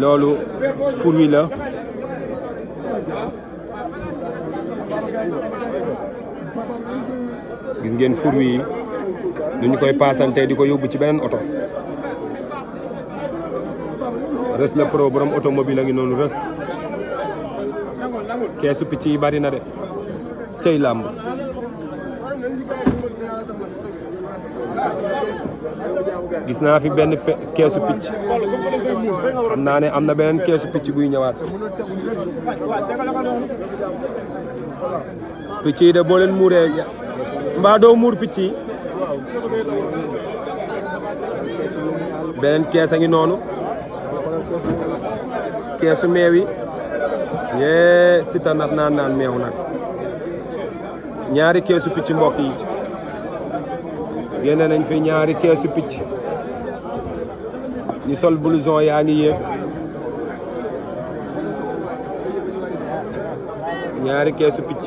loolu fur la gis ngeen fur wi nu ñu koy paasante di ko yóbbu ci beneen oto rës la pro borom automobile a ngi noonu rës keesu picc yi bari na de cey làmb gis naa fi benn keesu picc xam naa ne am na beneen keesu picc buy ñëwaat picc yi de boo leen muuree mbaa doo muur picc yi beneen kees a ngi noonu keesu meew yi yee si ta nat naan naan meew nag ñaari keesu picc mbokk yi génne nañ fi ñaari keesu picc ñu sol blouson yaa ngi yéeg keesu picc